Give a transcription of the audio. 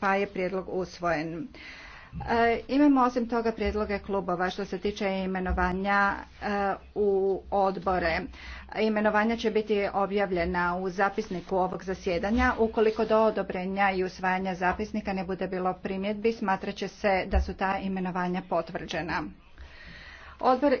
pa je prijedlog usvojen. E, imamo osim toga prijedloge klubova što se tiče imenovanja e, u odbore. Imenovanja će biti objavljena u zapisniku ovog zasjedanja. Ukoliko do odobrenja i usvajanja zapisnika ne bude bilo primjedbi, smatraće se da su ta imenovanja potvrđena. Odbor